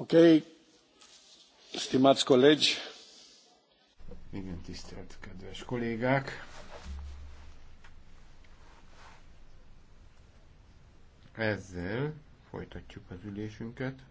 Igen, tisztelt kedves kollégák. Ezzel folytatjuk az ülésünket.